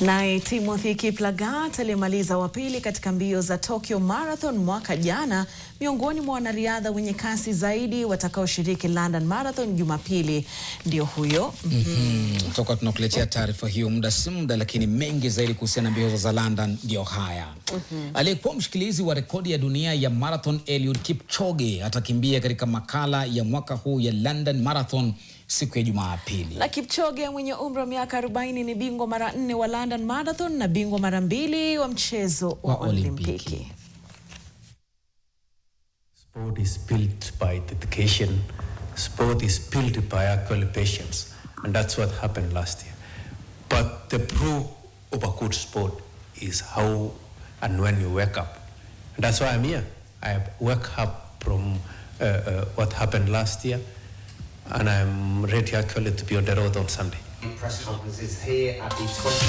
Naye Timothy Kiplagat aliyemaliza wa pili katika mbio za Tokyo Marathon mwaka jana, miongoni mwa wanariadha wenye kasi zaidi watakaoshiriki London Marathon Jumapili, ndio huyo. mm -hmm. Toka tunakuletea taarifa hiyo muda si muda, lakini mengi zaidi kuhusiana na mbio za London ndio haya. mm -hmm. Aliyekuwa mshikilizi wa rekodi ya dunia ya marathon Eliud Kipchoge atakimbia katika makala ya mwaka huu ya London Marathon siku ya Jumapili, na Kipchoge mwenye umri wa miaka 40 ni bingwa mara nne wa London London Marathon na bingwa mara mbili wa mchezo wa, wa Olimpiki. Sport is built by dedication. Sport is built by actual patience. And that's what happened last year. But the proof of a good sport is how and when you wake up. And that's why I'm here. I wake up from uh, uh, what happened last year and I'm ready actually to be on the road on Sunday.